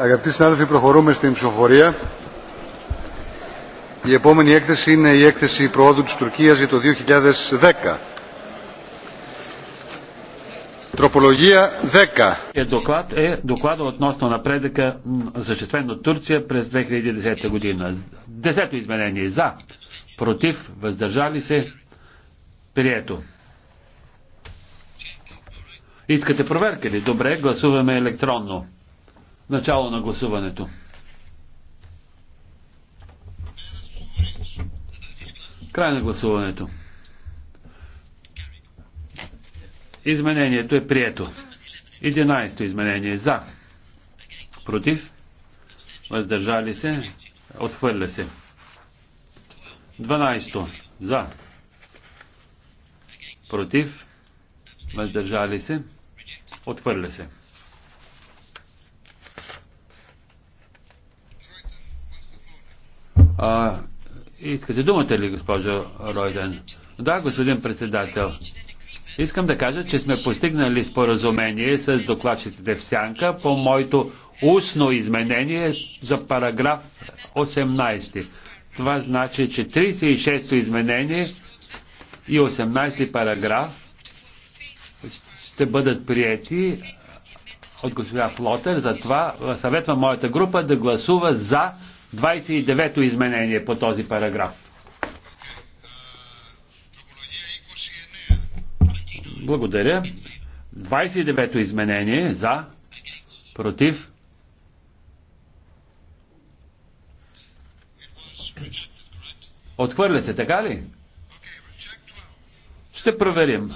Αγαπητοί συνάδελφοι, προχωρούμε στην ψηφοφορία. Η επόμενη έκθεση είναι η έκθεση προόδου της Τουρκίας για το 2010. Тропология 10. Е доклад е доклада относно напредъка, съществен от Турция през 2010 година. Десето изменение за, против, въздържали се, прието. Искате проверка ли? Добре, гласуваме електронно. Начало на гласуването. Край на гласуването. Изменението е прието. 11-то изменение за. Против. Въздържали се. Отхвърля се. 12-то за. Против. Въздържали се. Отхвърля се. А, искате думата ли, госпожо Ройден? Да, господин председател. Искам да кажа, че сме постигнали споразумение с докладчиците в Сянка по моето устно изменение за параграф 18. Това значи, че 36-то изменение и 18 ти параграф ще бъдат приети от госпожа Флотер. Затова съветвам моята група да гласува за 29-то изменение по този параграф. Благодаря. 29-то изменение за, против. Отхвърля се, така ли? Ще проверим.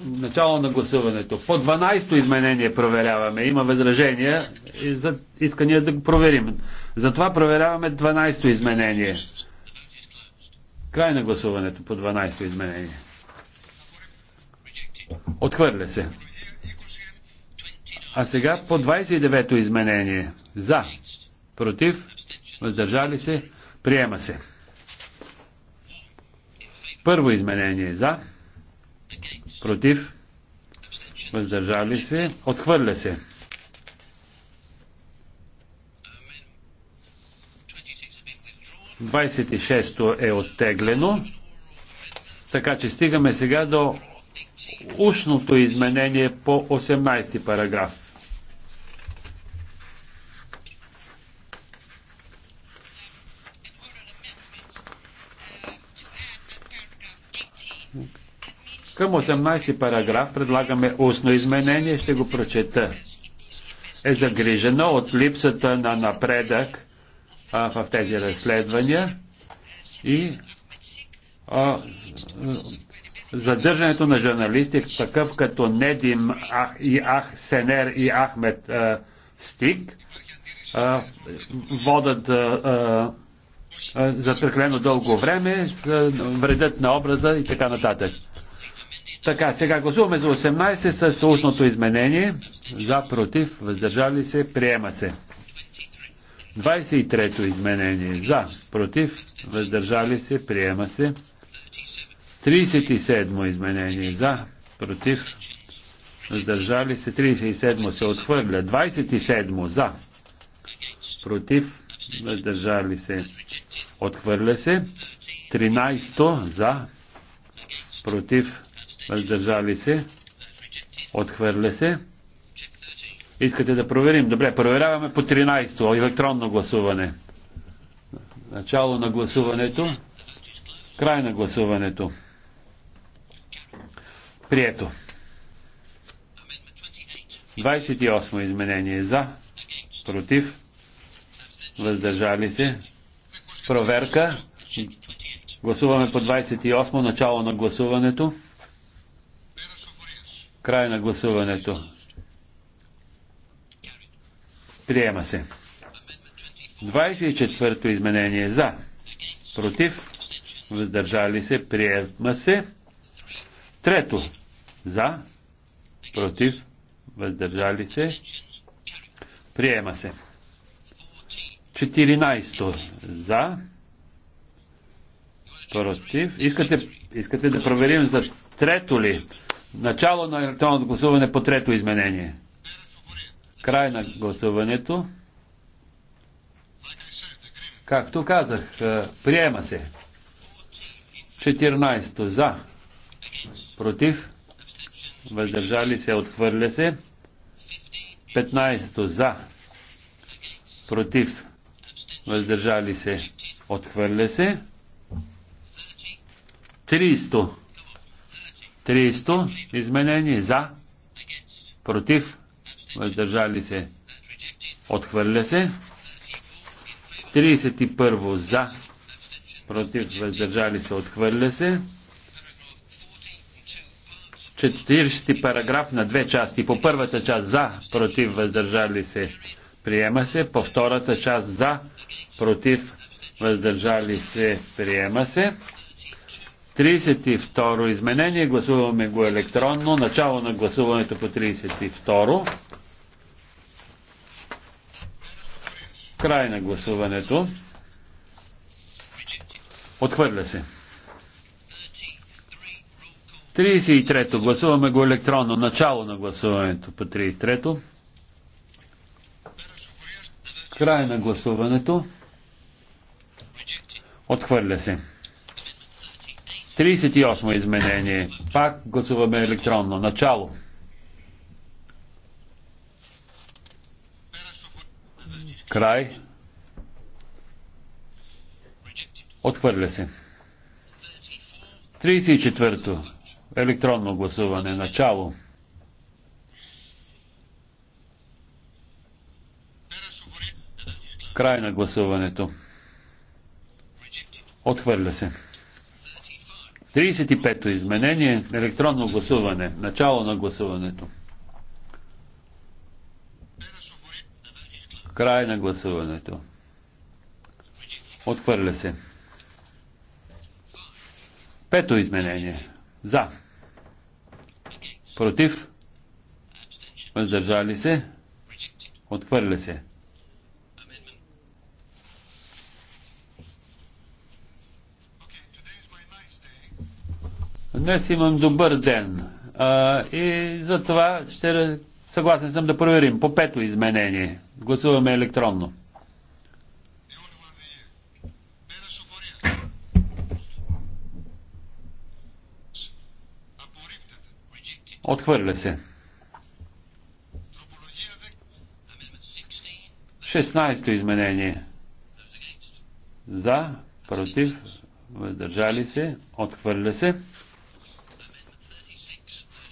Начало на гласуването. По 12-то изменение проверяваме. Има възражения и за искания да го проверим. Затова проверяваме 12-то изменение. Край на гласуването по 12-то изменение. Отхвърля се. А сега по 29-то изменение. За, против, въздържали се, приема се. Първо изменение за, против, въздържали се, отхвърля се. 26-то е оттеглено, така че стигаме сега до устното изменение по 18 параграф. Към 18 параграф предлагаме устно изменение, ще го прочета. Е загрижено от липсата на напредък а, в тези разследвания и а, задържането на журналисти, такъв като Недим а, и Ах Сенер и Ахмед а, Стик, а, водат а, а, за дълго време, вредят на образа и така нататък. Така, сега гласуваме за 18 със слушното изменение. За, против, въздържали се, приема се. 23-то изменение. За, против, въздържали се, приема се. 37-мо изменение. За, против, въздържали се. 37-мо се отхвърля. 27-мо. За, против, въздържали се. Отхвърля се. 13-то. За, против, въздържали се, отхвърля се. Искате да проверим? Добре, проверяваме по 13-то електронно гласуване. Начало на гласуването, край на гласуването. Прието. 28 изменение за, против, въздържали се. Проверка. Гласуваме по 28 начало на гласуването. Край на гласуването. Приема се. 24-то изменение за. Против. Въздържали се. Приема се. Трето. За. Против. Въздържали се. Приема се. 14-то за. Против. Искате, искате да проверим за трето ли? Начало на електронното гласуване по трето изменение. Край на гласуването. Както казах, е, приема се. 14 за, против, въздържали се, отхвърля се. 15 за, против, въздържали се, отхвърля се. 300 300 изменение за, против, въздържали се, отхвърля се. 31 за, против, въздържали се, отхвърля се. 40 параграф на две части. По първата част за, против, въздържали се, приема се. По втората част за, против, въздържали се, приема се. 32 изменение, гласуваме го електронно. Начало на гласуването по 32. Край на гласуването. Отхвърля се. 33-то. Гласуваме го електронно. Начало на гласуването по 33-то. Край на гласуването. Отхвърля се. 38 о изменение. Пак гласуваме електронно. Начало. Край. Отхвърля се. 34-то. Електронно гласуване. Начало. Край на гласуването. Отхвърля се. 35-то изменение, електронно гласуване, начало на гласуването. Край на гласуването. Отхвърля се. Пето изменение. За. Против. Въздържали се. Отхвърля се. Днес имам добър ден а, и затова ще съгласен съм да проверим по пето изменение. Гласуваме електронно. Отхвърля се. 16-то изменение. За, против, въздържали се, отхвърля се.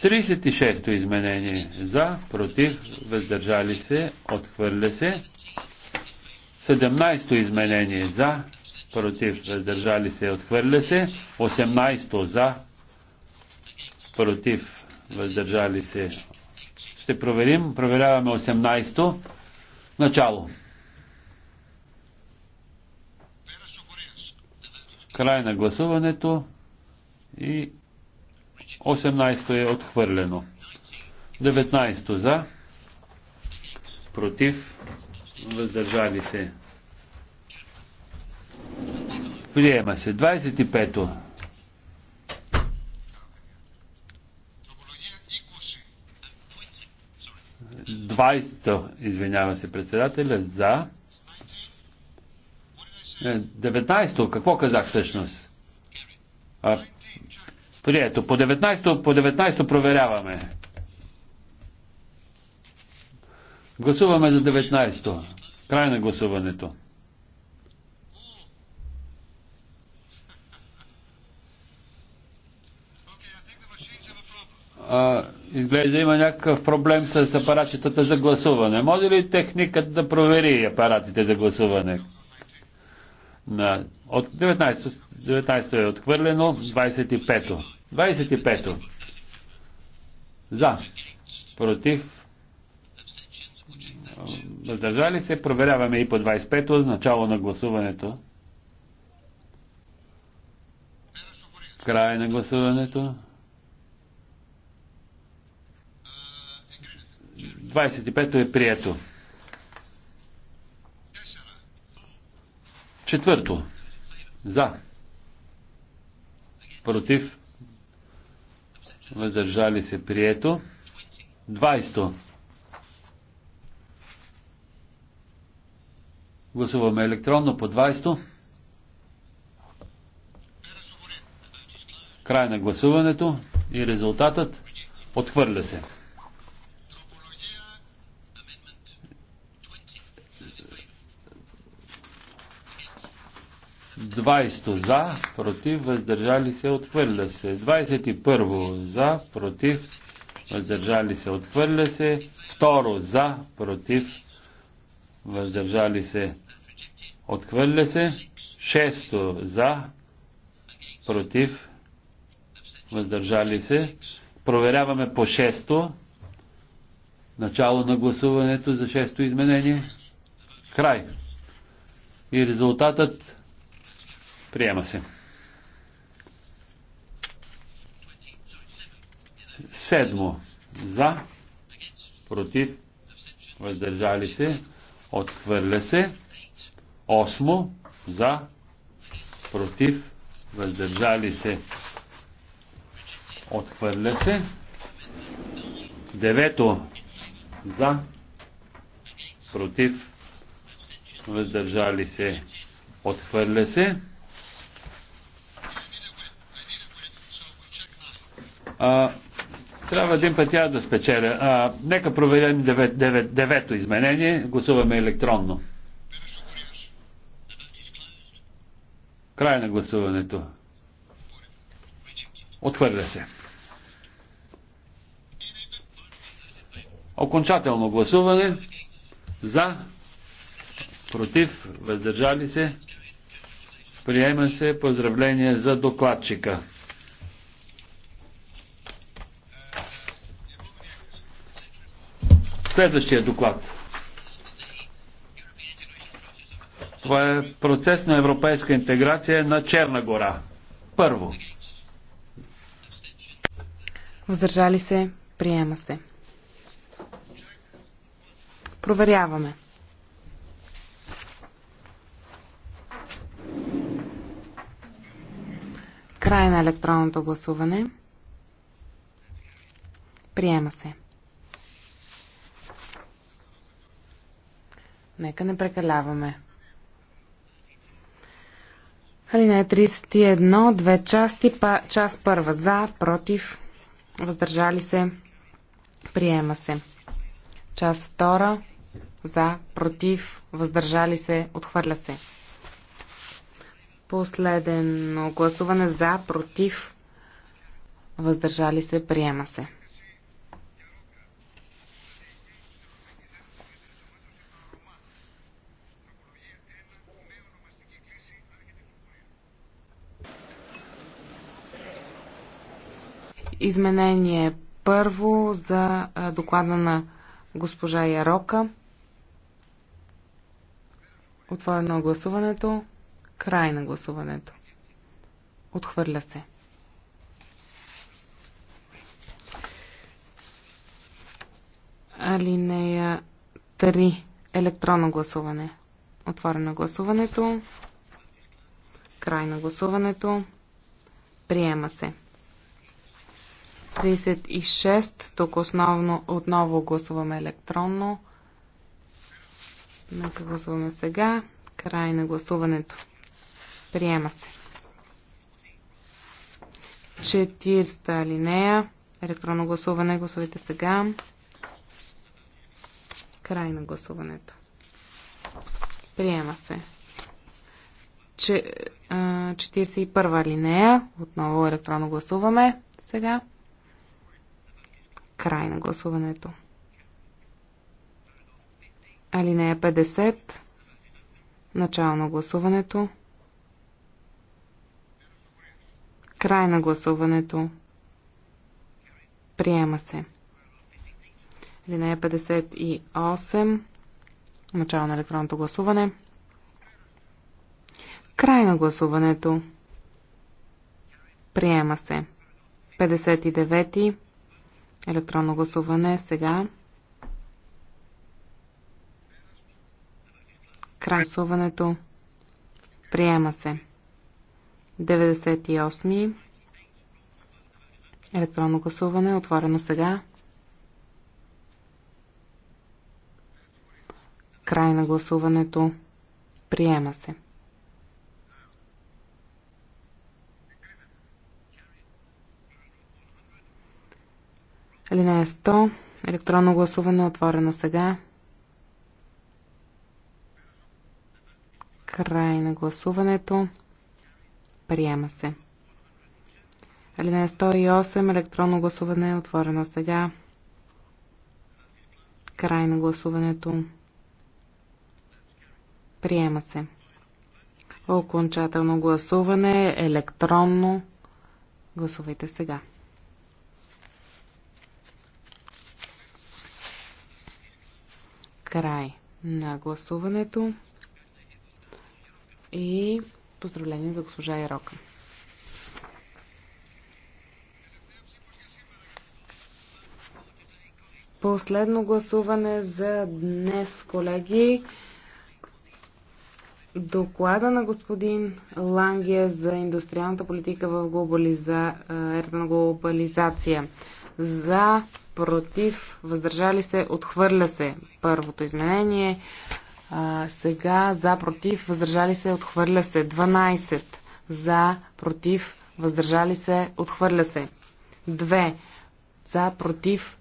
36-то изменение. За, против, въздържали се, отхвърля се. 17-то изменение. За, против, въздържали се, отхвърля се. 18-то за, против, въздържали се. Ще проверим. Проверяваме 18-то. Начало. Край на гласуването и 18 е отхвърлено. 19 за, против, въздържали се. Приема се. 25-то. Двайсто, извинява се председателя, за. 19-то, е, какво казах всъщност? Прието. По 19, по 19 проверяваме. Гласуваме за 19-то. Край на гласуването. А, изглежда има някакъв проблем с апаратчетата за гласуване. Може ли техникът да провери апаратите за гласуване? на, от 19-то 19 е отхвърлено, 25-то. 25-то. За. Против. Въздържали се. Проверяваме и по 25-то. Начало на гласуването. Края на гласуването. 25-то е прието. Четвърто. За. Против. Въздържали се. Прието. Двайсто. Гласуваме електронно по 20. Край на гласуването и резултатът отхвърля се. 20 за, против, въздържали се, отхвърля се. 21 за, против, въздържали се, отхвърля се. Второ за, против, въздържали се, отхвърля се. 6 за, против, въздържали се. Проверяваме по 6. Начало на гласуването за 6 изменение. Край. И резултатът Приема се. Седмо. За. Против. Въздържали се. Отхвърля се. Осмо. За. Против. Въздържали се. Отхвърля се. Девето. За. Против. Въздържали се. Отхвърля се. А, трябва един път я да спечеля. А, нека проверим девет, девет, девето изменение. Гласуваме електронно. Край на гласуването. Отхвърля се. Окончателно гласуване. За. Против. Въздържали се. Приема се поздравление за докладчика. Следващия доклад. Това е процес на европейска интеграция на Черна гора. Първо. Въздържали се, приема се. Проверяваме. Край на електронното гласуване. Приема се. Нека не прекаляваме. Алинея 31, две части, па, част първа за, против, въздържали се, приема се. Част втора, за, против, въздържали се, отхвърля се. Последно гласуване за, против, въздържали се, приема се. Изменение първо за доклада на госпожа Ярока. Отворено е гласуването. Край на гласуването. Отхвърля се. Алинея 3. Електронно гласуване. Отворено е гласуването. Край на гласуването. Приема се. 36. Тук основно отново гласуваме електронно. Нека гласуваме сега. Край на гласуването. Приема се. 40 линея. Електронно гласуване. Гласувайте сега. Край на гласуването. Приема се. Че, 41 линея. Отново електронно гласуваме сега. Край на гласуването. Алинея 50. Начало на гласуването. Край на гласуването. Приема се. Алинея 58. Начало на електронното гласуване. Край на гласуването. Приема се. 59 електронно гласуване сега. Красуването. Приема се. 98. Електронно гласуване. Отворено сега. Край на гласуването. Приема се. е 100. Електронно гласуване отворено сега. Край на гласуването. Приема се. е 108. Електронно гласуване е отворено сега. Край на гласуването. Приема се. Окончателно гласуване електронно. Гласувайте сега. Край на гласуването. И поздравление за госпожа Ярока. Последно гласуване за днес, колеги. Доклада на господин Лангия за индустриалната политика в глобализа... Е, ерата на глобализация. За против, въздържали се, отхвърля се първото изменение. А, сега за, против, въздържали се, отхвърля се. 12. За, против, въздържали се, отхвърля се. 2. За, против,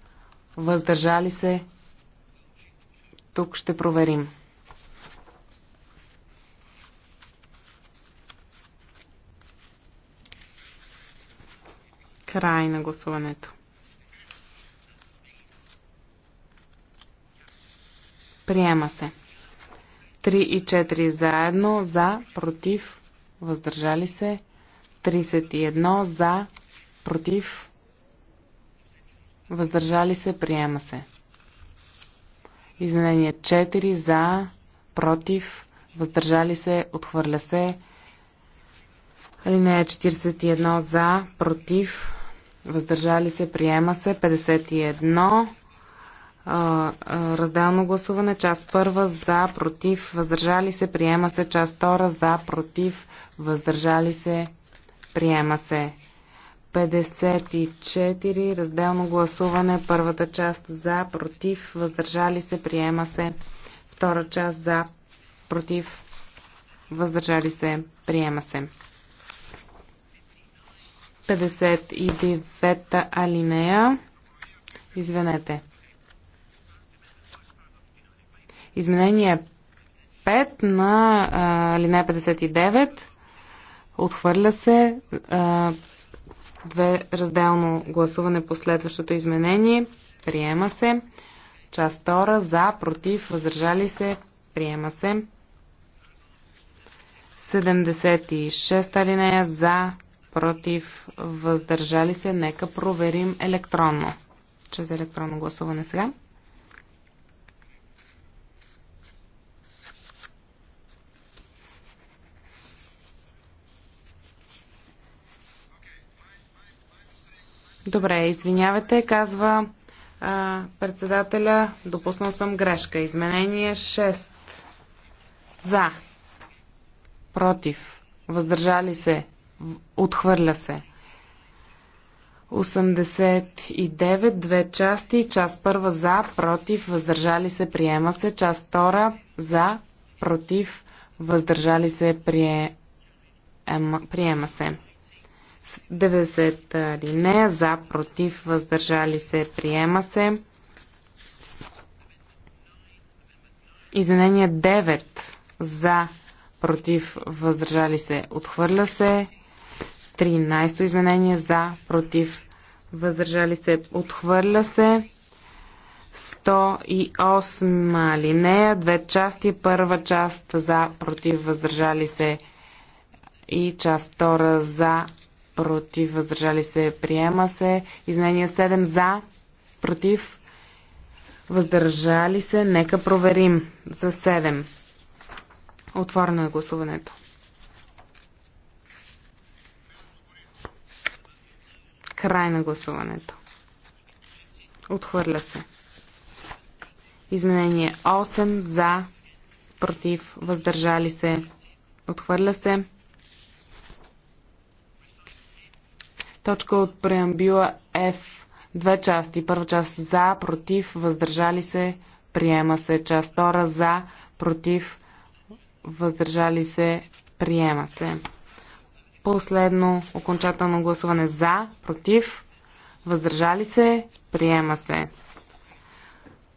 въздържали се. Тук ще проверим. Край на гласуването. Приема се. 3 и 4 заедно, за, против, въздържали се. 31 за, против, въздържали се, приема се. Изменение 4 за, против, въздържали се, отхвърля се. Алинея 41 за, против, въздържали се, приема се. 51 а, разделно гласуване. Част първа за, против, въздържали се, приема се. Част втора за, против, въздържали се, приема се. 54. Разделно гласуване. Първата част за, против, въздържали се, приема се. Втора част за, против, въздържали се, приема се. 59 алинея. Извинете. Изменение 5 на а, линия 59 отхвърля се а, две разделно гласуване по следващото изменение. Приема се. Част втора за, против, въздържали се. Приема се. 76 алинея за, против, въздържали се. Нека проверим електронно. Чрез електронно гласуване сега. Добре, извинявате, казва а, председателя. Допуснал съм грешка. Изменение 6. За. Против. Въздържали се. Отхвърля се. 89, две части. Част първа за, против, въздържали се, приема се. Част втора за, против, въздържали се, приема, приема се. 90 линея за, против, въздържали се, приема се. Изменение 9 за, против, въздържали се, отхвърля се. 13 изменение за, против, въздържали се, отхвърля се. 108 линея, две части, първа част за, против, въздържали се и част втора за, против, въздържали се, приема се. Изменение 7 за, против, въздържали се. Нека проверим за 7. Отворено е гласуването. Край на гласуването. Отхвърля се. Изменение 8 за, против, въздържали се, отхвърля се. точка от преамбила F. Две части. Първа част за, против, въздържали се, приема се. Част втора за, против, въздържали се, приема се. Последно окончателно гласуване за, против, въздържали се, приема се.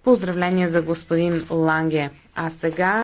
Поздравление за господин Ланге. А сега